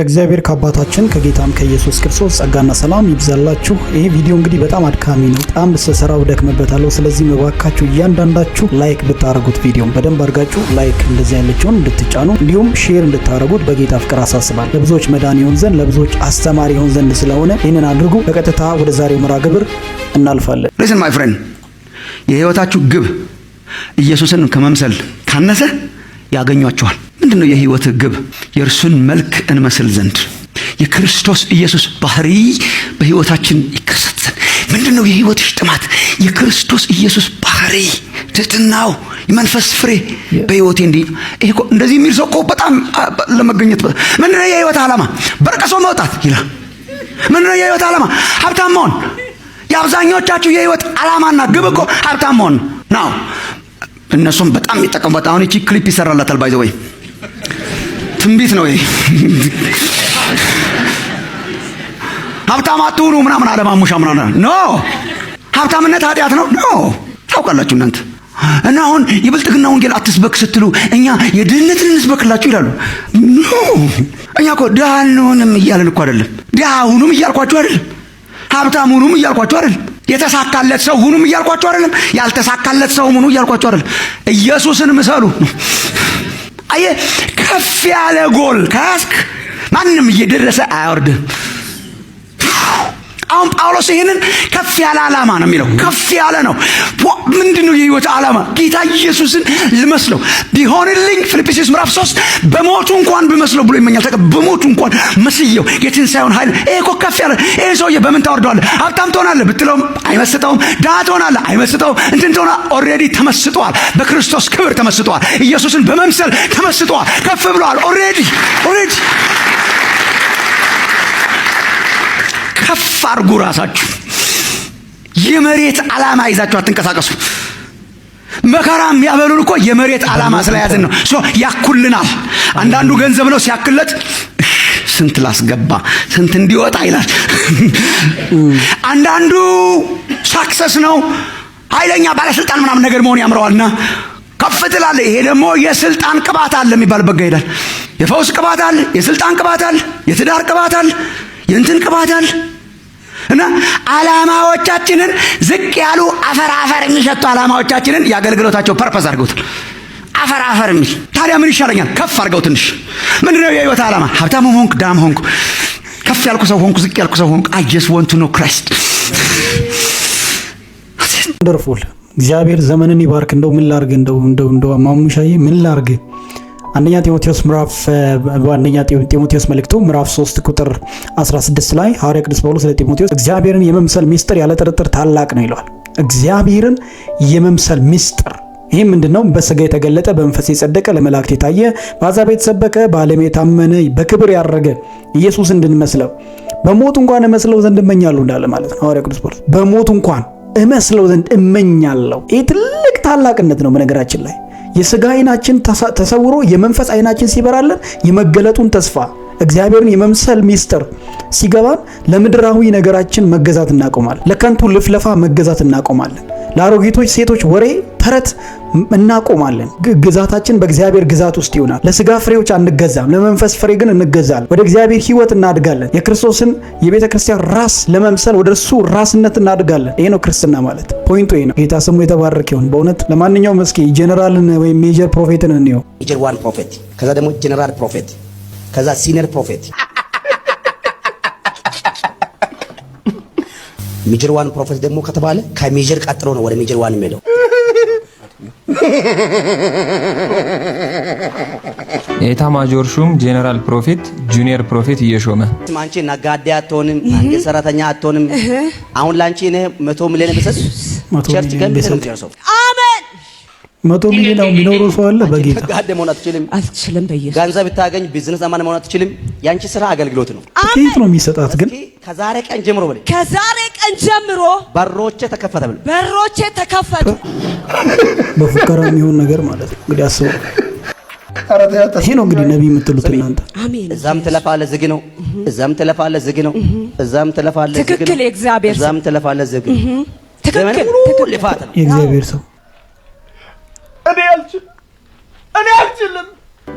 ከእግዚአብሔር ከአባታችን ከጌታም ከኢየሱስ ክርስቶስ ጸጋና ሰላም ይብዛላችሁ። ይሄ ቪዲዮ እንግዲህ በጣም አድካሚ ነው፣ በጣም ስሰራው ደክምበታለሁ። ስለዚህ መባካችሁ እያንዳንዳችሁ ላይክ ብታደርጉት ቪዲዮን በደንብ አድርጋችሁ ላይክ እንደዚህ ያለችውን እንድትጫኑ እንዲሁም ሼር እንድታደርጉት በጌታ ፍቅር አሳስባል። ለብዙዎች መዳን ይሆን ዘንድ ለብዙዎች አስተማሪ ይሆን ዘንድ ስለሆነ ይህንን አድርጉ። በቀጥታ ወደ ዛሬው መርሃ ግብር እናልፋለን። ሊስን ማይ ፍሬንድ የህይወታችሁ ግብ ኢየሱስን ከመምሰል ካነሰ ያገኟችኋል። ምንድን ነው የህይወት ግብ? የእርሱን መልክ እንመስል ዘንድ የክርስቶስ ኢየሱስ ባህሪ በህይወታችን ይከሰት ዘንድ። ምንድን ነው የህይወትሽ ጥማት? የክርስቶስ ኢየሱስ ባህሪ፣ ትህትናው፣ የመንፈስ ፍሬ በህይወቴ እንዲ ይሄ እንደዚህ የሚል ሰው እኮ በጣም ለመገኘት ምንድን ነው የህይወት ዓላማ? በርቀሶ መውጣት ይላል። ምንድን ነው የህይወት ዓላማ? ሀብታም መሆን። የአብዛኛዎቻችሁ የህይወት ዓላማና ግብ እኮ ሀብታም መሆን ነው። እነሱም በጣም ይጠቀሙበት። አሁን ይቺ ክሊፕ ይሰራላታል ባይዘ ወይ ትንቢት ነው ይሄ። ሀብታም አትሁኑ ምናምን አለማሙሻ ምናምን ኖ ሀብታምነት ኃጢአት ነው ኖ ታውቃላችሁ እናንተ እና አሁን የብልጥግና ወንጌል አትስበክ ስትሉ እኛ የድህነትን እንስበክላችሁ ይላሉ። ኖ እኛ እኮ ድሃ እንሆንም እያለን እኮ አይደለም። ድሃ ሁኑም እያልኳችሁ አይደለም። ሀብታም ሁኑም እያልኳችሁ አይደለም። የተሳካለት ሰው ሁኑም እያልኳችሁ አይደለም። ያልተሳካለት ሰው ሁኑ እያልኳችሁ አይደለም። ኢየሱስን ምሰሉ አየ ከፍ ያለ ጎል ከያዝክ ማንም እየደረሰ አያወርድም። አሁን ጳውሎስ ይህንን ከፍ ያለ ዓላማ ነው የሚለው። ከፍ ያለ ነው። ምንድን ነው የህይወት ዓላማ? ጌታ ኢየሱስን ልመስለው ቢሆንልኝ ፊልጵስዩስ ምዕራፍ ሶስት በሞቱ እንኳን ብመስለው ብሎ ይመኛል። ተቀ በሞቱ እንኳን መስየው የትንሣኤውን ኃይል ይሄ እኮ ከፍ ያለ ይህ ሰውዬ በምን ታወርደዋለህ? ሀብታም ትሆናለህ ብትለውም አይመስጠውም። ድሃ ትሆናለህ አይመስጠውም። እንትን ትሆና ኦልሬዲ ተመስጠዋል። በክርስቶስ ክብር ተመስጠዋል። ኢየሱስን በመምሰል ተመስጠዋል። ከፍ ብለዋል። ኦልሬዲ ኦልሬዲ ከፍ አድርጉ ራሳችሁ። የመሬት ዓላማ ይዛችሁ አትንቀሳቀሱ። መከራም ያበሉን እኮ የመሬት ዓላማ ስለያዝን ነው። ያኩልናል። አንዳንዱ ገንዘብ ነው ሲያክለት ስንት ላስገባ ስንት እንዲወጣ ይላል። አንዳንዱ ሳክሰስ ነው ኃይለኛ ባለስልጣን ምናምን ነገር መሆን ያምረዋልና ከፍ ትላለ። ይሄ ደግሞ የስልጣን ቅባት አለ የሚባል በጋ ይሄዳል። የፈውስ ቅባት አለ፣ የስልጣን ቅባት አለ፣ የትዳር ቅባት አለ፣ የእንትን ቅባት አለ። እና አላማዎቻችንን ዝቅ ያሉ አፈር አፈር የሚሸቱ አላማዎቻችንን የአገልግሎታቸው ፐርፐስ አድርገውታል። አፈር አፈር የሚል ታዲያ ምን ይሻለኛል? ከፍ አድርገው ትንሽ ምንድነው የህይወት ዓላማ? ሀብታም ሆንኩ፣ ዳም ሆንኩ፣ ከፍ ያልኩ ሰው ሆንኩ፣ ዝቅ ያልኩ ሰው ሆንኩ፣ አይ ወንቱ ኖ ክራይስት። ወንደርፉል እግዚአብሔር ዘመንን ይባርክ። እንደው ምን ላርግ? እንደው እንደው እንደው ማሙሻዬ ምን ላርግ? አንደኛ ጢሞቴዎስ ምዕራፍ በአንደኛ ጢሞቴዎስ መልእክቱ ምዕራፍ 3 ቁጥር 16 ላይ ሐዋርያ ቅዱስ ጳውሎስ ለጢሞቴዎስ እግዚአብሔርን የመምሰል ሚስጥር ያለ ጥርጥር ታላቅ ነው ይለዋል። እግዚአብሔርን የመምሰል ሚስጥር ይህ ምንድነው በስጋ የተገለጠ በመንፈስ የጸደቀ ለመላእክት የታየ በአሕዛብ የተሰበከ በዓለም የታመነ በክብር ያረገ ኢየሱስ እንድንመስለው በሞት እንኳን እመስለው ዘንድ እመኛለሁ እንዳለ ማለት ነው ሐዋርያ ቅዱስ ጳውሎስ። በሞት እንኳን እመስለው ዘንድ እመኛለሁ። ይህ ትልቅ ታላቅነት ነው በነገራችን ላይ የስጋ አይናችን ተሰውሮ የመንፈስ አይናችን ሲበራለን የመገለጡን ተስፋ እግዚአብሔርን የመምሰል ሚስጥር ሲገባን ለምድራዊ ነገራችን መገዛት እናቆማለን። ለከንቱ ልፍለፋ መገዛት እናቆማለን። ለአሮጊቶች ሴቶች ወሬ ተረት እናቆማለን። ግዛታችን በእግዚአብሔር ግዛት ውስጥ ይሆናል። ለስጋ ፍሬዎች አንገዛም፣ ለመንፈስ ፍሬ ግን እንገዛለን። ወደ እግዚአብሔር ሕይወት እናድጋለን። የክርስቶስን የቤተ ክርስቲያን ራስ ለመምሰል ወደ እርሱ ራስነት እናድጋለን። ይሄ ነው ክርስትና ማለት። ፖይንቱ ይሄ ነው። ጌታ ስሙ የተባረክ ይሁን። በእውነት ለማንኛውም እስኪ ጄኔራልን ወይም ሜጀር ፕሮፌትን እንየው። ሜጀር ዋን ፕሮፌት፣ ከዛ ደግሞ ጄኔራል ፕሮፌት፣ ከዛ ሲኒየር ፕሮፌት ሜጀር ዋን ፕሮፌት ደግሞ ከተባለ ከሜጀር ቀጥሎ ነው ወደ ሜጀር ዋን የሚሄደው። ኤታ ማጆር ሹም ጄኔራል ፕሮፌት፣ ጁኒየር ፕሮፌት እየሾመ አንቺ ነጋዴ አትሆንም፣ መንግስት ሰራተኛ አትሆንም። አሁን ላንቺ እኔ መቶ ሚሊዮን ብሰጥ ቸርች ገንብተህ ነው የምትጨርሰው። መቶ ሚሊዮን ነው የሚኖረው ሰው አለ። በጌታ ተጋደ መሆን አትችልም፣ አልችልም። በኢየሱስ ገንዘብ ብታገኝ ቢዝነስ አማን መሆን አትችልም። ያንቺ ስራ አገልግሎት ነው። ጥቂት ነው የሚሰጣት ግን ከዛሬ ቀን ጀምሮ በል ከዛሬ ቀን ጀምሮ በሮቼ ተከፈተ በል በሮቼ ተከፈተ። በፉከራ የሚሆን ነገር ማለት ነው እንግዲህ አስቡ። ይሄ ነው እንግዲህ ነቢይ የምትሉት እናንተ። እዛም ትለፋለህ ዝግ ነው፣ እዛም ትለፋለህ ዝግ ነው፣ እዛም ትለፋለህ ዝግ ነው፣ ትክክል። እዛም ትለፋለህ ዝግ ነው። ትክክል፣ ትክክል። ልፋት ነው የእግዚአብሔር ሰው እኔ አልችልም፣ እኔ አልችልም።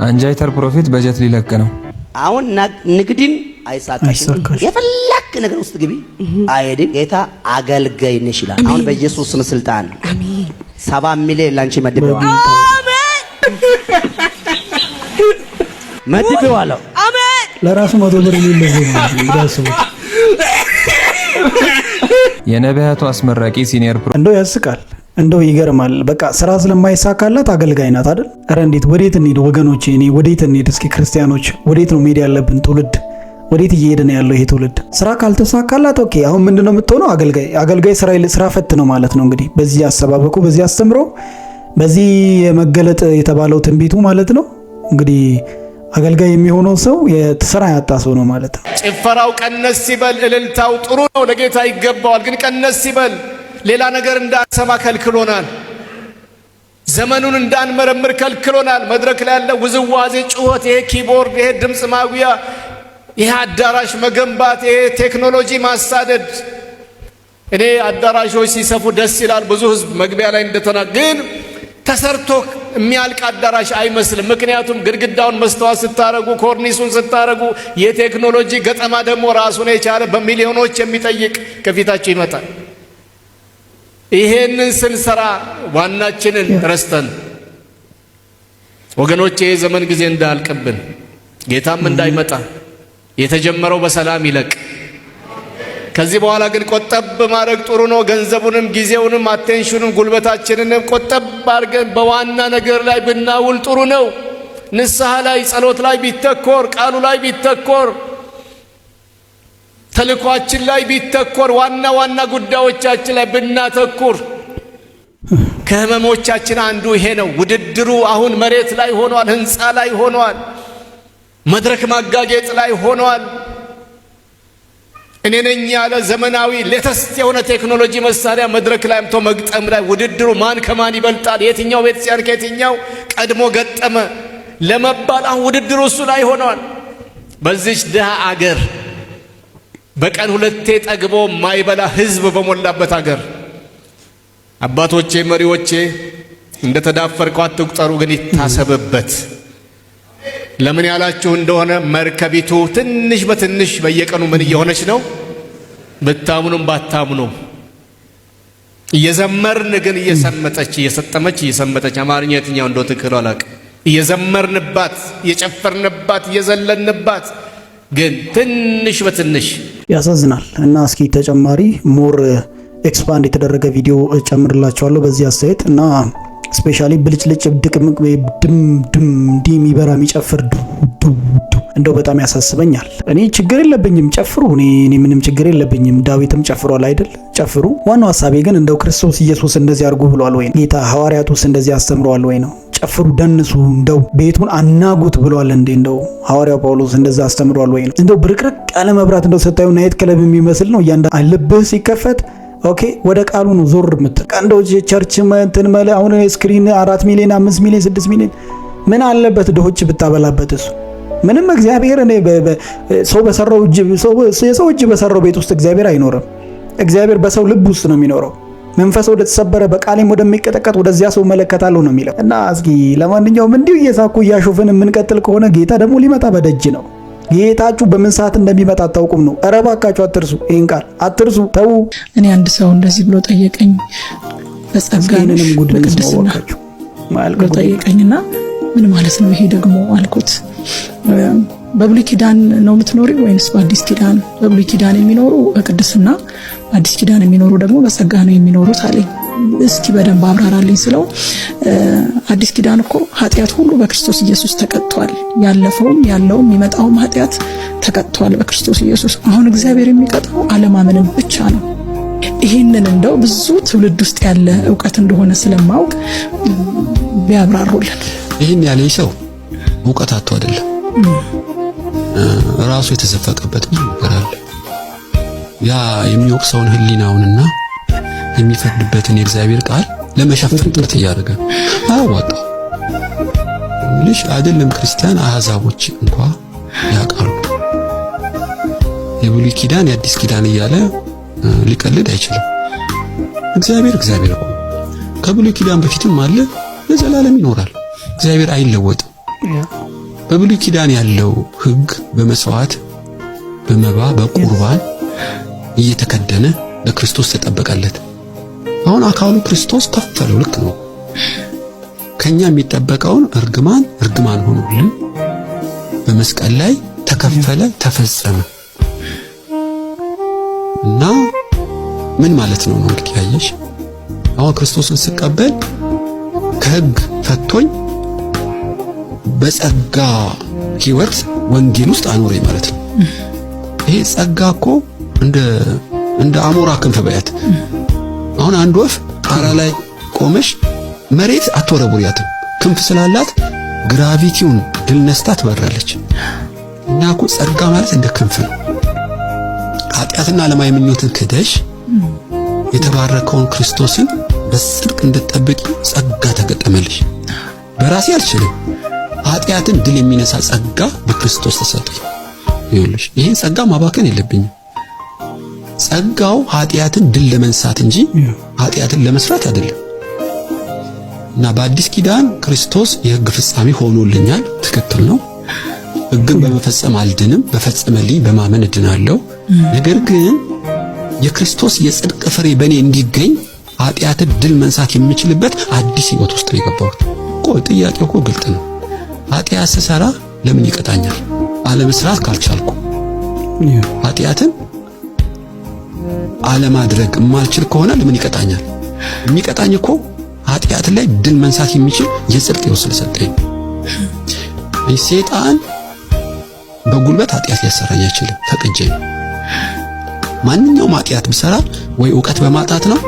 አንጃይተር ፕሮፊት በጀት ሊለቅ ነው። አሁን ንግድን አይሳካሽም። የፈላክ ነገር ውስጥ ግቢ አይሄድም። ጌታ አገልጋይ ነሽ ይላል። አሁን በኢየሱስ ስም ስልጣን ሰባ ሚሊዮን ላንቺ መድቤዋለሁ። መድቤዋለሁ። አሜን። ለራሱ መቶ ብር የነቢያቱ አስመራቂ ሲኒየር ፕሮ እንደው ያስቃል እንደው ይገርማል። በቃ ስራ ስለማይሳካላት አገልጋይ ናት አይደል? ኧረ እንዴት ወዴት እንሂድ ወገኖች እኔ ወዴት እንሂድ? እስኪ ክርስቲያኖች ወዴት ነው መሄድ ያለብን? ትውልድ ወዴት እየሄደ ነው ያለው ይሄ ትውልድ? ስራ ካልተሳካላት ኦኬ፣ አሁን ምንድን ነው የምትሆነው? አገልጋይ አገልጋይ ስራ ፈት ነው ማለት ነው እንግዲህ በዚህ አሰባበቁ፣ በዚህ አስተምሮ፣ በዚህ የመገለጥ የተባለው ትንቢቱ ማለት ነው እንግዲህ አገልጋይ የሚሆነው ሰው ስራ ያጣ ሰው ነው ማለት ነው። ጭፈራው ቀነስ ሲበል እልልታው ጥሩ ነው፣ ለጌታ ይገባዋል። ግን ቀነስ ሲበል ሌላ ነገር እንዳንሰማ ከልክሎናል። ዘመኑን እንዳንመረምር ከልክሎናል። መድረክ ላይ ያለ ውዝዋዜ፣ ጩኸት፣ ይሄ ኪቦርድ፣ ይሄ ድምፅ ማጉያ፣ ይሄ አዳራሽ መገንባት፣ ይሄ ቴክኖሎጂ ማሳደድ። እኔ አዳራሾች ሲሰፉ ደስ ይላል። ብዙ ህዝብ መግቢያ ላይ እንደተና ግን ተሰርቶ የሚያልቅ አዳራሽ አይመስልም። ምክንያቱም ግድግዳውን መስተዋት ስታረጉ፣ ኮርኒሱን ስታረጉ፣ የቴክኖሎጂ ገጠማ ደግሞ ራሱን የቻለ በሚሊዮኖች የሚጠይቅ ከፊታቸው ይመጣል። ይሄንን ስንሰራ ዋናችንን ረስተን ወገኖቼ የዘመን ጊዜ እንዳያልቅብን ጌታም እንዳይመጣ የተጀመረው በሰላም ይለቅ። ከዚህ በኋላ ግን ቆጠብ ማድረግ ጥሩ ነው። ገንዘቡንም፣ ጊዜውንም፣ አቴንሽኑም ጉልበታችንንም ቆጠብ አድርገን በዋና ነገር ላይ ብናውል ጥሩ ነው። ንስሐ ላይ፣ ጸሎት ላይ ቢተኮር፣ ቃሉ ላይ ቢተኮር ተልኳችን ላይ ቢተኮር ዋና ዋና ጉዳዮቻችን ላይ ብናተኩር ከህመሞቻችን አንዱ ይሄ ነው። ውድድሩ አሁን መሬት ላይ ሆኗል፣ ህንፃ ላይ ሆኗል፣ መድረክ ማጋጌጥ ላይ ሆኗል። እኔ ነኝ ያለ ዘመናዊ ሌተስት የሆነ ቴክኖሎጂ መሳሪያ መድረክ ላይ አምቶ መግጠም ላይ ውድድሩ ማን ከማን ይበልጣል፣ የትኛው ቤተክርስቲያን ከየትኛው ቀድሞ ገጠመ ለመባል አሁን ውድድሩ እሱ ላይ ሆኗል። በዚች ድሃ አገር በቀን ሁለቴ ጠግቦ ማይበላ ህዝብ በሞላበት አገር አባቶቼ መሪዎቼ እንደ ተዳፈርከው አትቁጠሩ፣ ግን ይታሰብበት። ለምን ያላችሁ እንደሆነ መርከቢቱ ትንሽ በትንሽ በየቀኑ ምን እየሆነች ነው? ብታምኑም ባታምኑም እየዘመርን ግን እየሰመጠች እየሰጠመች እየሰመጠች አማርኛ የትኛው እንደው ትክክል አላውቅም። እየዘመርንባት እየጨፈርንባት እየዘለንባት ግን ትንሽ በትንሽ ያሳዝናል እና እስኪ ተጨማሪ ሞር ኤክስፓንድ የተደረገ ቪዲዮ ጨምርላቸዋለሁ በዚህ አስተያየት እና ስፔሻሊ ብልጭልጭ ድቅምቅ ድም ድም ዲ የሚበራ የሚጨፍር ዱ እንደው በጣም ያሳስበኛል። እኔ ችግር የለብኝም ጨፍሩ፣ እኔ ምንም ችግር የለብኝም። ዳዊትም ጨፍሯል አይደል? ጨፍሩ። ዋናው ሀሳቤ ግን እንደው ክርስቶስ ኢየሱስ እንደዚህ አድርጉ ብሏል ወይ ነው? ጌታ ሐዋርያቱስ እንደዚህ አስተምረዋል ወይ ነው? ጨፍሩ፣ ደንሱ፣ እንደው ቤቱን አናጉት ብሏል እንዴ? እንደው ሐዋርያው ጳውሎስ እንደዛ አስተምሯል ወይ ነው? እንደው ብርቅርቅ ያለ መብራት እንደው ስታዩ ናይት ክለብ የሚመስል ነው። እያንዳ ልብህ ሲከፈት ኦኬ ወደ ቃሉ ነው ዞር የምትል እንደው ቸርች እንትን መለ አሁን ስክሪን አራት ሚሊዮን አምስት ሚሊዮን ስድስት ሚሊዮን ምን አለበት ድሆች ብታበላበት እሱ ምንም እግዚአብሔር እኔ ሰው በሰራው እጅ የሰው እጅ በሰራው ቤት ውስጥ እግዚአብሔር አይኖርም። እግዚአብሔር በሰው ልብ ውስጥ ነው የሚኖረው። መንፈስ ወደተሰበረ በቃሌም ወደሚቀጠቀጥ ወደዚያ ሰው እመለከታለሁ ነው የሚለው እና እስኪ ለማንኛውም እንዲሁ እየሳኩ እያሾፍን የምንቀጥል ከሆነ ጌታ ደግሞ ሊመጣ በደጅ ነው። ጌታችሁ በምን ሰዓት እንደሚመጣ አታውቁም ነው። ኧረ እባካችሁ አትርሱ፣ ይህን ቃል አትርሱ፣ ተዉ። እኔ አንድ ሰው እንደዚህ ብሎ ጠየቀኝ። በጸጋንም ጉድ ጠየቀኝና ምን ማለት ነው ይሄ ደግሞ አልኩት። በብሉይ ኪዳን ነው የምትኖሪ ወይንስ በአዲስ ኪዳን? በብሉይ ኪዳን የሚኖሩ በቅድስና በአዲስ ኪዳን የሚኖሩ ደግሞ በጸጋ ነው የሚኖሩት አለኝ። እስኪ በደንብ አብራራልኝ ስለው አዲስ ኪዳን እኮ ኃጢአት ሁሉ በክርስቶስ ኢየሱስ ተቀጥቷል፣ ያለፈውም ያለውም የሚመጣውም ኃጢአት ተቀጥቷል በክርስቶስ ኢየሱስ። አሁን እግዚአብሔር የሚቀጣው አለማመንን ብቻ ነው። ይህንን እንደው ብዙ ትውልድ ውስጥ ያለ እውቀት እንደሆነ ስለማውቅ ቢያብራሩልን። ይህን ያለኝ ሰው እውቀት አቶ አይደለም ራሱ የተዘፈቀበት ብዙ ነገር አለ። ያ የሚወቅሰውን ሕሊናውንና የሚፈርድበትን የእግዚአብሔር ቃል ለመሸፈን ጥረት እያደረገ አያዋጣ ልሽ አይደለም። ክርስቲያን አህዛቦች እንኳ ያውቃሉ። የብሉይ ኪዳን የአዲስ ኪዳን እያለ ሊቀልድ አይችልም። እግዚአብሔር እግዚአብሔር ነው። ከብሉይ ኪዳን በፊትም አለ፣ ለዘላለም ይኖራል። እግዚአብሔር አይለወጥም። በብሉይ ኪዳን ያለው ሕግ በመስዋዕት በመባ በቁርባን እየተከደነ ለክርስቶስ ተጠበቀለት። አሁን አካሉ ክርስቶስ ከፈለው። ልክ ነው። ከኛ የሚጠበቀውን እርግማን እርግማን ሆኖልን በመስቀል ላይ ተከፈለ፣ ተፈጸመ እና ምን ማለት ነው ነው እንግዲህ ያየሽ አሁን ክርስቶስን ስቀበል ከህግ ፈቶኝ በጸጋ ህይወት ወንጌል ውስጥ አኖረኝ ማለት ነው። ይሄ ጸጋ እኮ እንደ እንደ አሞራ ክንፍ በያት። አሁን አንድ ወፍ ጣራ ላይ ቆመሽ መሬት አትወረውሪያትም። ክንፍ ስላላት ግራቪቲውን ድል ነስታ ትበራለች። እና እኮ ጸጋ ማለት እንደ ክንፍ ነው። ኃጢአትና ዓለማዊ ምኞትን ክደሽ የተባረከውን ክርስቶስን በጽድቅ እንድትጠብቂ ጸጋ ተገጠመልሽ። በራሴ አልችልም ኃጢአትን ድል የሚነሳ ጸጋ በክርስቶስ ተሰጠ። ይኸውልሽ ይሄን ጸጋ ማባከን የለብኝም። ጸጋው ኃጢአትን ድል ለመንሳት እንጂ ኃጢአትን ለመስራት አይደለም። እና በአዲስ ኪዳን ክርስቶስ የሕግ ፍጻሜ ሆኖልኛል። ትክክል ነው። ሕግን በመፈጸም አልድንም፣ በፈጸመልኝ በማመን እድናለሁ። ነገር ግን የክርስቶስ የጽድቅ ፍሬ በእኔ እንዲገኝ ኃጢአትን ድል መንሳት የምችልበት አዲስ ሕይወት ውስጥ ነው የገባሁት። ቆይ ጥያቄው እኮ ግልጥ ነው። ኃጢአት ስሰራ ለምን ይቀጣኛል? አለመስራት ካልቻልኩ ኃጢአትን አለማድረግ የማልችል ከሆነ ለምን ይቀጣኛል? የሚቀጣኝ እኮ ኃጢአት ላይ ድል መንሳት የሚችል የጽድቅ ሕይወት ስለሰጠኝ። ሰይጣን በጉልበት ኃጢአት ሊያሰራኝ አይችልም ፈቅጄ። ማንኛውም ኃጢአት ብሰራ ወይ እውቀት በማጣት ነው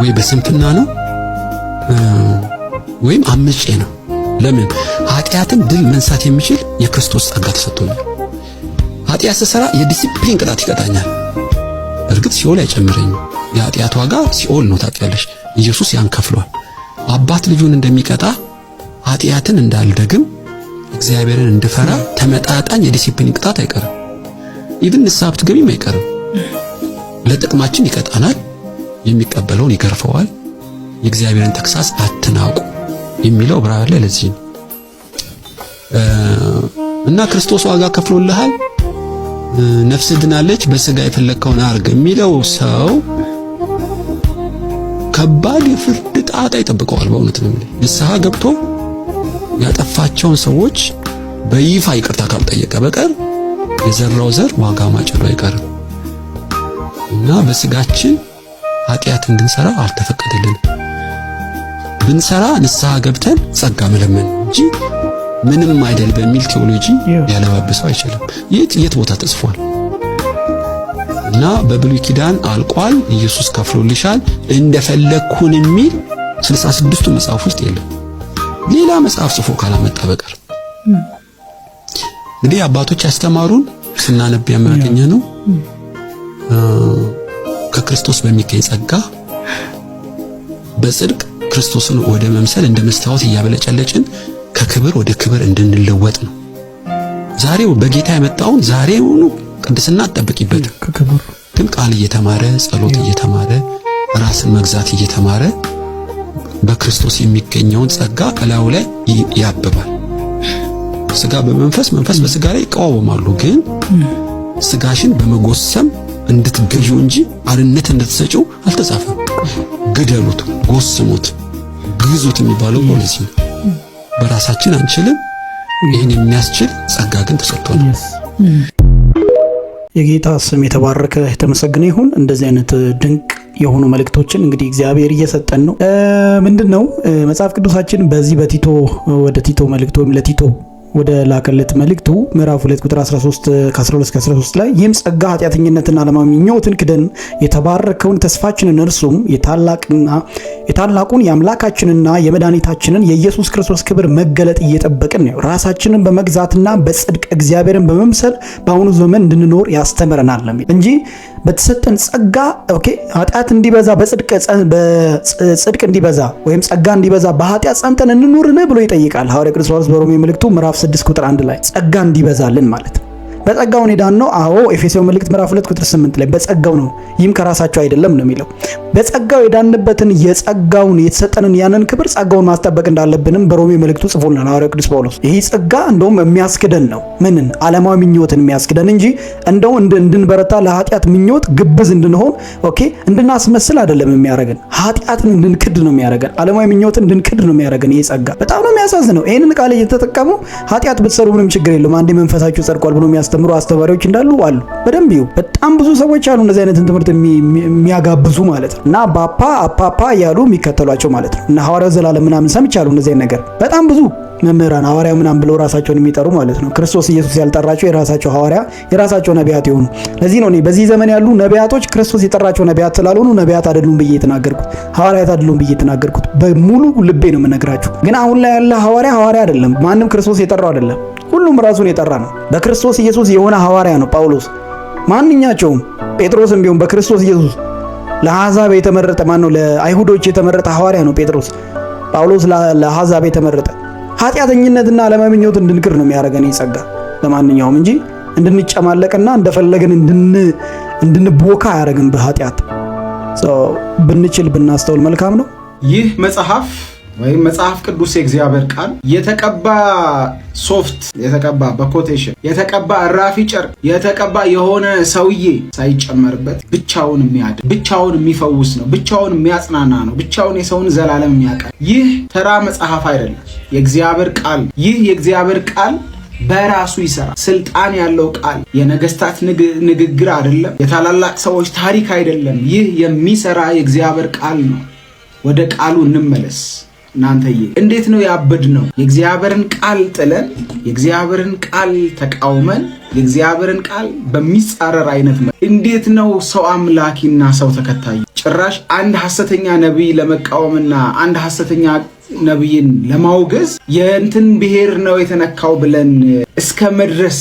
ወይ በስንፍና ነው ወይም አምጬ ነው። ለምን ኃጢአትን ድል መንሳት የሚችል የክርስቶስ ጸጋ ተሰጥቶኛል። ኃጢአት ስሰራ የዲሲፕሊን ቅጣት ይቀጣኛል። እርግጥ ሲኦል አይጨምረኝም። የኃጢአት ዋጋ ሲኦል ነው፣ ታውቂያለሽ። ኢየሱስ ያን ከፍሏል። አባት ልጁን እንደሚቀጣ ኃጢአትን እንዳልደግም እግዚአብሔርን እንድፈራ ተመጣጣኝ የዲሲፕሊን ቅጣት አይቀርም። ኢቭን ንስሐ ብትገቢም አይቀርም። ለጥቅማችን ይቀጣናል። የሚቀበለውን ይገርፈዋል። የእግዚአብሔርን ተግሳጽ አትናቁ የሚለው ዕብራውያን ላይ ለዚህ ነው። እና ክርስቶስ ዋጋ ከፍሎልሃል፣ ነፍስ ድናለች፣ በስጋ የፈለግከውን አርግ የሚለው ሰው ከባድ የፍርድ ጣጣ ይጠብቀዋል። በእውነት ነው ንስሐ ገብቶ ያጠፋቸውን ሰዎች በይፋ ይቅርታ ካልጠየቀ በቀር የዘራው ዘር ዋጋ ማጨዱ አይቀርም እና በስጋችን ኃጢአት እንድንሰራ አልተፈቀደልንም። ብንሰራ ንስሐ ገብተን ጸጋ መለመን እንጂ ምንም አይደል በሚል ቴዎሎጂ ሊያለባብሰው አይችልም። የት የት ቦታ ተጽፏል? እና በብሉይ ኪዳን አልቋል፣ ኢየሱስ ከፍሎልሻል፣ እንደፈለግኩን የሚል 66ቱ መጽሐፍ ውስጥ የለም ሌላ መጽሐፍ ጽፎ ካላመጣ በቀር። እንግዲህ አባቶች ያስተማሩን ስናነብ ያመገኘ ነው። ከክርስቶስ በሚገኝ ጸጋ በጽድቅ ክርስቶስን ወደ መምሰል እንደ መስታወት እያበለጨለጭን ከክብር ወደ ክብር እንድንለወጥ ነው። ዛሬው በጌታ የመጣውን ዛሬውኑ ቅድስና አጠብቂበት። ግን ቃል እየተማረ ጸሎት እየተማረ ራስን መግዛት እየተማረ በክርስቶስ የሚገኘውን ጸጋ እላዩ ላይ ያብባል። ስጋ በመንፈስ መንፈስ በስጋ ላይ ይቀዋወማሉ ግን ስጋሽን በመጎሰም እንድትገዢው እንጂ አርነት እንድትሰጪው አልተጻፈም። ግደሉት፣ ጎስሙት፣ ግዙት የሚባለው ፖሊሲ ነው። በራሳችን አንችልም። ይህን የሚያስችል ጸጋ ግን ተሰጥቶናል። የጌታ ስም የተባረከ የተመሰገነ ይሁን። እንደዚህ አይነት ድንቅ የሆኑ መልእክቶችን እንግዲህ እግዚአብሔር እየሰጠን ነው። ምንድን ነው መጽሐፍ ቅዱሳችን በዚህ በቲቶ ወደ ቲቶ መልእክት ወይም ለቲቶ ወደ ላከለት መልእክቱ ምዕራፍ 2 ቁጥር 13 ከ12-13 እስከ ላይ ይህም ጸጋ ኃጢአተኝነትና ዓለማዊ ምኞትን ክደን የተባረከውን ተስፋችንን እርሱም የታላቅና የታላቁን የአምላካችንና የመድኃኒታችንን የኢየሱስ ክርስቶስ ክብር መገለጥ እየጠበቅን ነው። ራሳችንን በመግዛትና በጽድቅ እግዚአብሔርን በመምሰል በአሁኑ ዘመን እንድንኖር ያስተምረናል እንጂ በተሰጠን ጸጋ ኦኬ ኃጢአት እንዲበዛ በጽድቅ እንዲበዛ ወይም ጸጋ እንዲበዛ በኃጢአት ጸንተን እንኑርን ብሎ ይጠይቃል ሐዋርያ ቅዱስ ጳውሎስ በሮሜ መልእክቱ ምዕራፍ 6 ቁጥር 1 ላይ ጸጋ እንዲበዛልን ማለት በጸጋው ነው የዳነው። አዎ ኤፌሶን መልእክት ምዕራፍ 2 ቁጥር 8 ላይ በጸጋው ነው ይህም ከራሳቸው አይደለም ነው የሚለው። በጸጋው የዳንበትን የጸጋውን የተሰጠንን ያንን ክብር ጸጋውን ማስጠበቅ እንዳለብንም በሮሜ መልእክቱ ጽፎልናል ሐዋርያው ቅዱስ ጳውሎስ። ይህ ጸጋ እንደውም የሚያስክደን ነው ምንን ዓለማዊ ምኞትን የሚያስክደን እንጂ እንደው እንድንበረታ ለኃጢአት ምኞት ግብዝ እንድንሆን ኦኬ እንድናስመስል አይደለም የሚያደርገን ኃጢአትን እንድንክድ ነው የሚያደርገን። ዓለማዊ ምኞትን እንድንክድ ነው የሚያደርገን ይህ ጸጋ። በጣም ነው የሚያሳዝነው። ይህንን ቃል እየተጠቀሙ ኃጢአት ብትሰሩ ምንም ችግር የለውም አንዴ መንፈሳችሁ ጸድቋል ብሎ የሚያስ የሚያስተምሩ አስተማሪዎች እንዳሉ አሉ። በደንብ ይሁ በጣም ብዙ ሰዎች አሉ እነዚህ አይነትን ትምህርት የሚያጋብዙ ማለት ነው እና ባፓ አፓፓ እያሉ የሚከተሏቸው ማለት ነው እና ሐዋርያው ዘላለም ምናምን ሰምቻለሁ እነዚህ ነገር በጣም ብዙ መምህራን ሐዋርያ ምናምን ብለው ራሳቸውን የሚጠሩ ማለት ነው። ክርስቶስ ኢየሱስ ያልጠራቸው የራሳቸው ሐዋርያ የራሳቸው ነቢያት የሆኑ ለዚህ ነው እኔ በዚህ ዘመን ያሉ ነቢያቶች ክርስቶስ የጠራቸው ነቢያት ስላልሆኑ ነቢያት አይደሉም ብዬ የተናገርኩት፣ ሐዋርያት አይደሉም ብዬ የተናገርኩት በሙሉ ልቤ ነው የምነግራችሁ። ግን አሁን ላይ ያለ ሐዋርያ ሐዋርያ አይደለም። ማንም ክርስቶስ የጠራው አይደለም። ሁሉም ራሱን የጠራ ነው። በክርስቶስ ኢየሱስ የሆነ ሐዋርያ ነው ጳውሎስ። ማንኛቸውም ጴጥሮስም ቢሆን በክርስቶስ ኢየሱስ ለአሕዛብ የተመረጠ ማን ነው? ለአይሁዶች የተመረጠ ሐዋርያ ነው ጴጥሮስ። ጳውሎስ ለአሕዛብ የተመረጠ ኃጢአተኝነትና ለመምኞት እንድንክር ነው የሚያደርገን ይጸጋ ለማንኛውም እንጂ እንድንጨማለቅና እንደፈለገን እንድንቦካ አያደርግን። በኃጢአት ብንችል ብናስተውል መልካም ነው። ይህ መጽሐፍ ወይም መጽሐፍ ቅዱስ የእግዚአብሔር ቃል የተቀባ ሶፍት የተቀባ በኮቴሽን የተቀባ እራፊ ጨርቅ የተቀባ የሆነ ሰውዬ ሳይጨመርበት ብቻውን የሚያድ ብቻውን የሚፈውስ ነው። ብቻውን የሚያጽናና ነው። ብቻውን የሰውን ዘላለም የሚያቀር ይህ ተራ መጽሐፍ አይደለም። የእግዚአብሔር ቃል ይህ የእግዚአብሔር ቃል በራሱ ይሰራል። ስልጣን ያለው ቃል የነገስታት ንግግር አይደለም። የታላላቅ ሰዎች ታሪክ አይደለም። ይህ የሚሰራ የእግዚአብሔር ቃል ነው። ወደ ቃሉ እንመለስ። እናንተዬ እንዴት ነው ያበድ ነው? የእግዚአብሔርን ቃል ጥለን የእግዚአብሔርን ቃል ተቃውመን የእግዚአብሔርን ቃል በሚጻረር አይነት እንዴት ነው ሰው አምላኪና ሰው ተከታይ ጭራሽ አንድ ሐሰተኛ ነቢይ ለመቃወምና አንድ ሐሰተኛ ነብይን ለማውገዝ የእንትን ብሔር ነው የተነካው ብለን እስከ መድረስ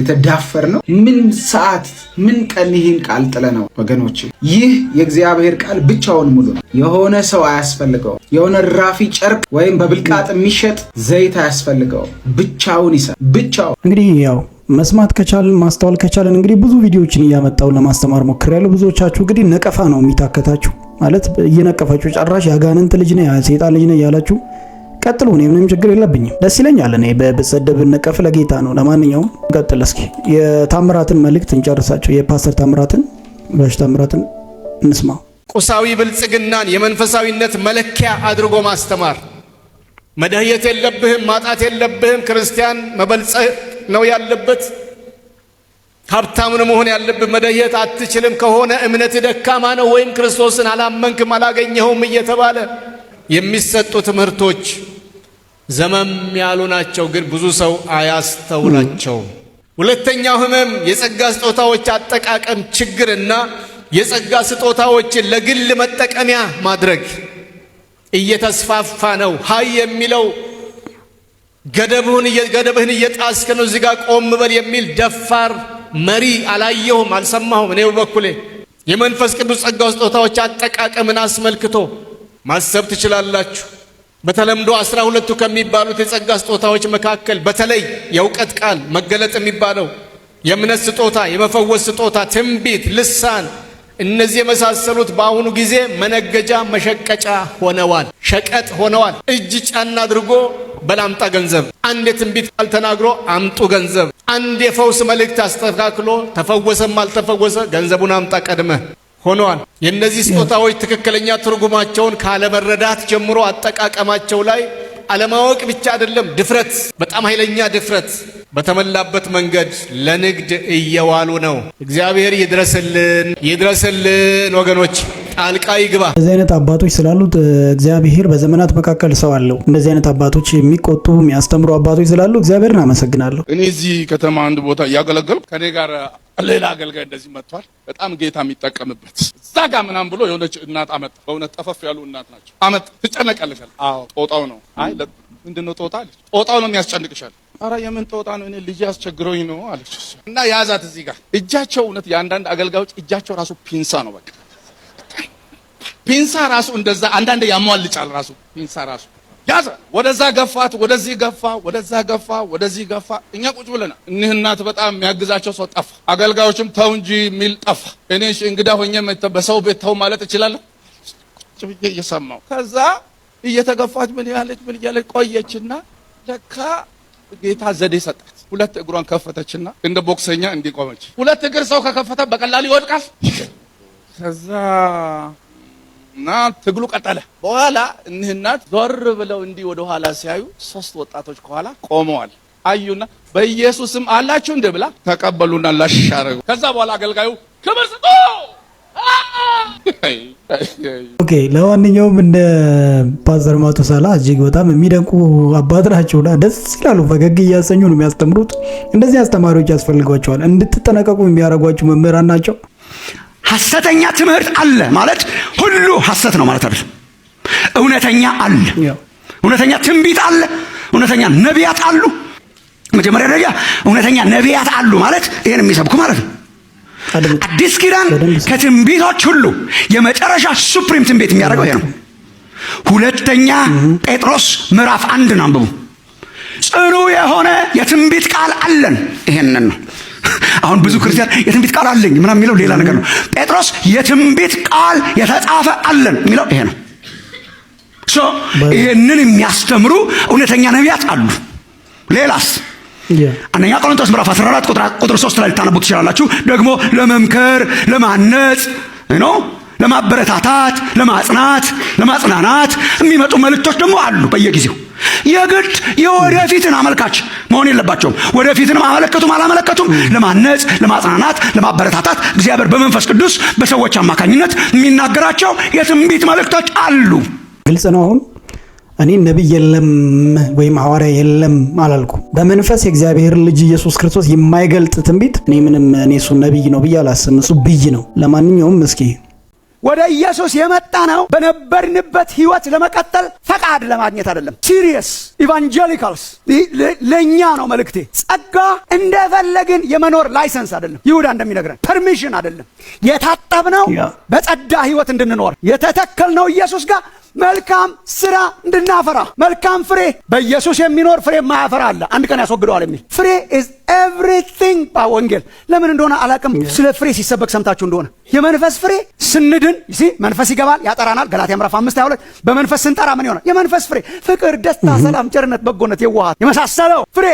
የተዳፈር ነው። ምን ሰዓት ምን ቀን ይህን ቃል ጥለ ነው? ወገኖች ይህ የእግዚአብሔር ቃል ብቻውን ሙሉ ነው። የሆነ ሰው አያስፈልገው። የሆነ ራፊ ጨርቅ ወይም በብልቃጥ የሚሸጥ ዘይት አያስፈልገው። ብቻውን ይሰ ብቻው እንግዲህ ያው መስማት ከቻልን ማስተዋል ከቻለን እንግዲህ ብዙ ቪዲዮዎችን እያመጣው ለማስተማር ሞክሬያለሁ። ብዙዎቻችሁ እንግዲህ ነቀፋ ነው የሚታከታችሁ ማለት እየነቀፋችሁ ጨራሽ ያጋንንት ልጅ ነ ሴጣን ልጅ ነ እያላችሁ ቀጥሉ። እኔ ምንም ችግር የለብኝም፣ ደስ ይለኛል። እኔ በሰደብ ነቀፍ ለጌታ ነው። ለማንኛውም ቀጥል እስኪ የታምራትን መልእክት እንጨርሳቸው። የፓስተር ታምራትን ባሽ ታምራትን እንስማ። ቁሳዊ ብልጽግናን የመንፈሳዊነት መለኪያ አድርጎ ማስተማር መደህየት የለብህም ማጣት የለብህም ክርስቲያን መበልጸህ ነው ያለበት ሀብታምን መሆን ያለብ መደየት አትችልም ከሆነ እምነት ደካማ ነው ወይም ክርስቶስን አላመንክም አላገኘኸውም እየተባለ የሚሰጡ ትምህርቶች ዘመም ያሉ ናቸው፣ ግን ብዙ ሰው አያስተውላቸውም። ሁለተኛው ህመም የጸጋ ስጦታዎች አጠቃቀም ችግርና የጸጋ ስጦታዎችን ለግል መጠቀሚያ ማድረግ እየተስፋፋ ነው። ሀይ የሚለው ገደብህን እየጣስክ ነው፣ እዚህ ቆም በል የሚል ደፋር መሪ አላየሁም፣ አልሰማሁም። እኔ በበኩሌ የመንፈስ ቅዱስ ጸጋው ስጦታዎች አጠቃቀምን አስመልክቶ ማሰብ ትችላላችሁ። በተለምዶ አስራ ሁለቱ ከሚባሉት የጸጋ ስጦታዎች መካከል በተለይ የእውቀት ቃል መገለጥ የሚባለው የእምነት ስጦታ፣ የመፈወስ ስጦታ፣ ትንቢት፣ ልሳን እነዚህ የመሳሰሉት በአሁኑ ጊዜ መነገጃ መሸቀጫ ሆነዋል፣ ሸቀጥ ሆነዋል። እጅ ጫና አድርጎ በላምጣ ገንዘብ፣ አንድ የትንቢት ቃል ተናግሮ አምጡ ገንዘብ፣ አንድ የፈውስ መልእክት አስተካክሎ ተፈወሰም አልተፈወሰ ገንዘቡን አምጣ ቀድመ ሆነዋል። የእነዚህ ስጦታዎች ትክክለኛ ትርጉማቸውን ካለመረዳት ጀምሮ አጠቃቀማቸው ላይ አለማወቅ ብቻ አይደለም፣ ድፍረት፣ በጣም ኃይለኛ ድፍረት በተሞላበት መንገድ ለንግድ እየዋሉ ነው። እግዚአብሔር ይድረስልን፣ ይድረስልን ወገኖች ጣልቃ ይግባ። እንደዚህ አይነት አባቶች ስላሉት እግዚአብሔር በዘመናት መካከል ሰው አለው። እንደዚህ አይነት አባቶች የሚቆጡ የሚያስተምሩ አባቶች ስላሉ እግዚአብሔርን አመሰግናለሁ። እኔ እዚህ ከተማ አንድ ቦታ እያገለገልኩ ከኔ ጋር ሌላ አገልጋይ እንደዚህ መጥቷል። በጣም ጌታ የሚጠቀምበት እዛ ጋ ምናም ብሎ የሆነች እናት አመጣ። በእውነት ጠፈፍ ያሉ እናት ናቸው። አመጣ። ትጨነቀልሻል። አዎ ጦጣው ነው። አይ ምንድን ነው ጦጣ አለች። ጦጣው ነው የሚያስጨንቅሻል። ኧረ የምን ጦጣ ነው? እኔ ልጅ አስቸግሮኝ ነው አለች። እና የያዛት እዚህ ጋር እጃቸው እውነት የአንዳንድ አገልጋዮች እጃቸው ራሱ ፒንሳ ነው። በቃ ፒንሳ ራሱ እንደዛ አንዳንድ ያሟልጫል ራሱ ፒንሳ ራሱ ያዘ። ወደዛ ገፋት፣ ወደዚህ ገፋ፣ ወደዛ ገፋ፣ ወደዚህ ገፋ። እኛ ቁጭ ብለና እኒህ እናት በጣም የሚያግዛቸው ሰው ጠፋ። አገልጋዮችም ተው እንጂ የሚል ጠፋ። እኔ እንግዳ ሆኜ በሰው ቤት ተው ማለት እችላለሁ? ቁጭ ብዬ እየሰማው ከዛ እየተገፋች ምን ያለች ምን እያለች ቆየችና ለካ ጌታ ዘዴ ሰጣት። ሁለት እግሯን ከፈተችና እንደ ቦክሰኛ እንዲቆመች። ሁለት እግር ሰው ከከፈተ በቀላሉ ይወድቃል። ከዛ እና ትግሉ ቀጠለ። በኋላ እኒህ እናት ዞር ብለው እንዲህ ወደ ኋላ ሲያዩ ሶስት ወጣቶች ከኋላ ቆመዋል። አዩና በኢየሱስም አላችሁ እንደ ብላ ተቀበሉና ላሻረጉ። ከዛ በኋላ አገልጋዩ ክብር ስጡ። ኦኬ ለማንኛውም እንደ ፓስተር ማቱሳላ እጅግ በጣም የሚደንቁ አባት ናቸውና ደስ ይላሉ። ፈገግ እያሰኙ ነው የሚያስተምሩት። እንደዚህ አስተማሪዎች ያስፈልጓቸዋል። እንድትጠነቀቁ የሚያደርጓቸው መምህራን ናቸው። ሐሰተኛ ትምህርት አለ ማለት ሁሉ ሐሰት ነው ማለት አይደል። እውነተኛ አለ፣ እውነተኛ ትንቢት አለ፣ እውነተኛ ነቢያት አሉ። መጀመሪያ ደረጃ እውነተኛ ነቢያት አሉ ማለት ይሄን የሚሰብኩ ማለት ነው። አዲስ ኪዳን ከትንቢቶች ሁሉ የመጨረሻ ሱፕሪም ትንቢት የሚያደርገው ይሄ ነው። ሁለተኛ ጴጥሮስ ምዕራፍ አንድ ነው አንብቡ። ጽኑ የሆነ የትንቢት ቃል አለን። ይሄንን ነው አሁን ብዙ ክርስቲያን የትንቢት ቃል አለኝ ምናምን የሚለው ሌላ ነገር ነው። ጴጥሮስ የትንቢት ቃል የተጻፈ አለን የሚለው ይሄ ነው። ሶ ይህንን የሚያስተምሩ እውነተኛ ነቢያት አሉ። ሌላስ አንደኛ ቆሮንቶስ ምዕራፍ 14 ቁጥር 3 ላይ ልታነቡ ትችላላችሁ። ደግሞ ለመምከር ለማነጽ ነው ለማበረታታት፣ ለማጽናት፣ ለማጽናናት የሚመጡ መልእክቶች ደግሞ አሉ በየጊዜው የግድ የወደፊትን አመልካች መሆን የለባቸውም። ወደፊትንም አመለከቱም አላመለከቱም ለማነጽ፣ ለማጽናናት፣ ለማበረታታት እግዚአብሔር በመንፈስ ቅዱስ በሰዎች አማካኝነት የሚናገራቸው የትንቢት መልእክቶች አሉ። ግልጽ ነው። አሁን እኔ ነቢይ የለም ወይም ሐዋርያ የለም አላልኩ። በመንፈስ የእግዚአብሔር ልጅ ኢየሱስ ክርስቶስ የማይገልጥ ትንቢት እኔ ምንም እኔ እሱ ነቢይ ነው ብዬ አላስብም። እሱ ብይ ነው። ለማንኛውም እስኪ ወደ ኢየሱስ የመጣ ነው በነበርንበት ህይወት ለመቀጠል ፈቃድ ለማግኘት አይደለም። ሲሪየስ ኢቫንጀሊካልስ ለእኛ ነው መልእክቴ። ጸጋ እንደፈለግን የመኖር ላይሰንስ አይደለም። ይሁዳ እንደሚነግረን ፐርሚሽን አይደለም። የታጠብነው በጸዳ ህይወት እንድንኖር የተተከልነው ኢየሱስ ጋር መልካም ስራ እንድናፈራ መልካም ፍሬ በኢየሱስ የሚኖር ፍሬ ማያፈራ አለ አንድ ቀን ያስወግደዋል የሚል ፍሬ ኢዝ ኤቭሪቲንግ በወንጌል ለምን እንደሆነ አላቅም ስለ ፍሬ ሲሰበክ ሰምታችሁ እንደሆነ የመንፈስ ፍሬ ስንድን ሲ መንፈስ ይገባል ያጠራናል ገላትያ ምዕራፍ አምስት ሀያ ሁለት በመንፈስ ስንጠራ ምን ይሆናል የመንፈስ ፍሬ ፍቅር ደስታ ሰላም ቸርነት በጎነት የዋሃት የመሳሰለው ፍሬ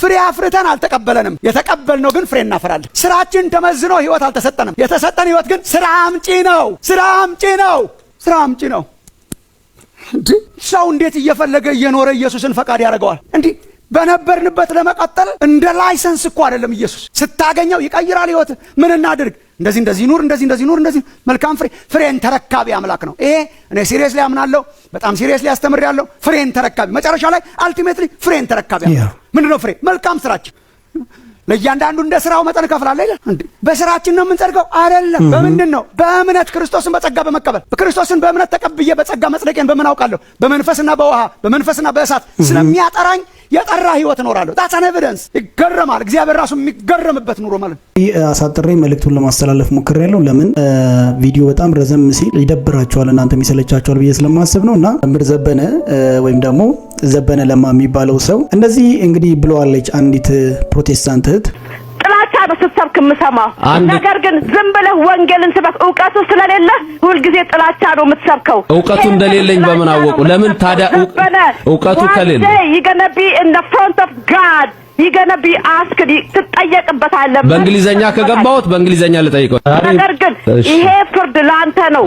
ፍሬ አፍርተን አልተቀበለንም። የተቀበልነው ግን ፍሬ እናፈራለን። ስራችን ተመዝኖ ህይወት አልተሰጠንም። የተሰጠን ህይወት ግን ስራ አምጪ ነው። ስራ አምጪ ነው። ስራ አምጪ ነው። እንዴ ሰው እንዴት እየፈለገ እየኖረ ኢየሱስን ፈቃድ ያደርገዋል? እንዲህ በነበርንበት ለመቀጠል እንደ ላይሰንስ እኮ አይደለም። ኢየሱስ ስታገኘው ይቀይራል ሕይወት። ምን እናድርግ? እንደዚህ እንደዚህ ኑር፣ እንደዚህ እንደዚህ ኑር፣ እንደዚህ መልካም ፍሬ። ፍሬን ተረካቢ አምላክ ነው። ይሄ እኔ ሲሪየስ ላይ አምናለሁ። በጣም ሲሪየስ ላይ ያለው ፍሬን ተረካቢ መጨረሻ ላይ አልቲሜትሊ ፍሬን ተረካቢ ምንድን ነው ፍሬ? መልካም ስራችን ለእያንዳንዱ እንደ ስራው መጠን እከፍላለሁ ይላል። እንዲ በስራችን ነው የምንጸድቀው? አይደለም። በምንድን ነው? በእምነት ክርስቶስን በጸጋ በመቀበል ክርስቶስን በእምነት ተቀብዬ በጸጋ መጽደቄን በምን አውቃለሁ? በመንፈስና በውሃ በመንፈስና በእሳት ስለሚያጠራኝ የጠራ ህይወት እኖራለሁ። ጣሳን ኤቪደንስ ይገረማል። እግዚአብሔር ራሱ የሚገረምበት ኑሮ ማለት ነው። ይህ አሳጥሬ መልእክቱን ለማስተላለፍ ሞክር ያለው ለምን ቪዲዮ በጣም ረዘም ሲል ይደብራቸዋል፣ እናንተ የሚሰለቻቸዋል ብዬ ስለማስብ ነው እና ምር ዘበነ ወይም ደግሞ ዘበነ ለማ የሚባለው ሰው እንደዚህ እንግዲህ ብለዋለች አንዲት ፕሮቴስታንት እህት ነው ስትሰብክ የምሰማው። ነገር ግን ዝም ብለህ ወንጌልን ስበክ። እውቀቱ ስለሌለ ሁልጊዜ ጥላቻ ነው የምትሰብከው። እውቀቱ እንደሌለኝ በምን አወቁ? ለምን ታዲያ እውቀቱ ከሌለ ይገነቢ ኢን ዘ ፍሮንት ኦፍ ጋድ ይገነብ አስክድ ትጠየቅበታለህ። በእንግሊዘኛ ከገባሁት በእንግሊዘኛ ልጠይቀው። ነገር ግን ይሄ ፍርድ ላንተ ነው።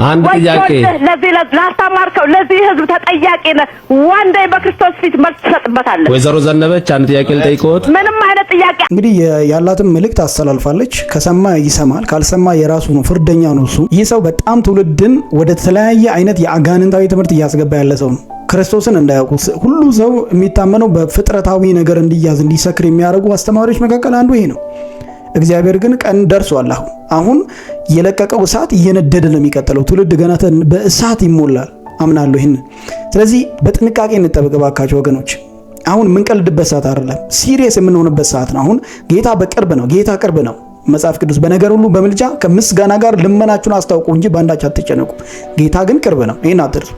ለዚህ ላስተማርከው ለዚህ ህዝብ ተጠያቂ ነህ። ዋንዴ በክርስቶስ ፊት መልስ ትሰጥበታለህ። ወይዘሮ ዘነበች አንድ ጥያቄ ልጠይቀውት። ምንም አይነት ጥያቄ እንግዲህ ያላትን መልእክት አስተላልፋለች። ከሰማ ይሰማል፣ ካልሰማ የራሱ ነው፣ ፍርደኛ ነው እሱ። ይህ ሰው በጣም ትውልድን ወደ ተለያየ አይነት የአጋንንታዊ ትምህርት እያስገባ ያለ ሰው ነው። ክርስቶስን እንዳያውቁት ሁሉ ሰው የሚታመነው በፍጥረታዊ ነገር እንዲያዝ እንዲሰክር የሚያደርጉ አስተማሪዎች መካከል አንዱ ይሄ ነው። እግዚአብሔር ግን ቀን ደርሷል። አሁን አሁን የለቀቀው እሳት እየነደደ ነው የሚቀጥለው። ትውልድ ገና በእሳት ይሞላል አምናለሁ ይህን ስለዚህ በጥንቃቄ እንጠበቅ ባካቸው ወገኖች። አሁን የምንቀልድበት ሰዓት አይደለም፣ ሲሪየስ የምንሆንበት ሰዓት ነው። አሁን ጌታ በቅርብ ነው። ጌታ ቅርብ ነው። መጽሐፍ ቅዱስ በነገር ሁሉ በምልጃ ከምስጋና ጋር ልመናችሁን አስታውቁ እንጂ በአንዳች አትጨነቁ፣ ጌታ ግን ቅርብ ነው። ይህን አትርሱ፣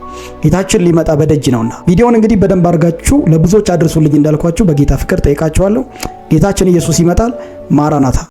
ጌታችን ሊመጣ በደጅ ነውና። ቪዲዮውን እንግዲህ በደንብ አድርጋችሁ ለብዙዎች አድርሱልኝ እንዳልኳችሁ በጌታ ፍቅር ጠይቃችኋለሁ። ጌታችን ኢየሱስ ይመጣል። ማራናታ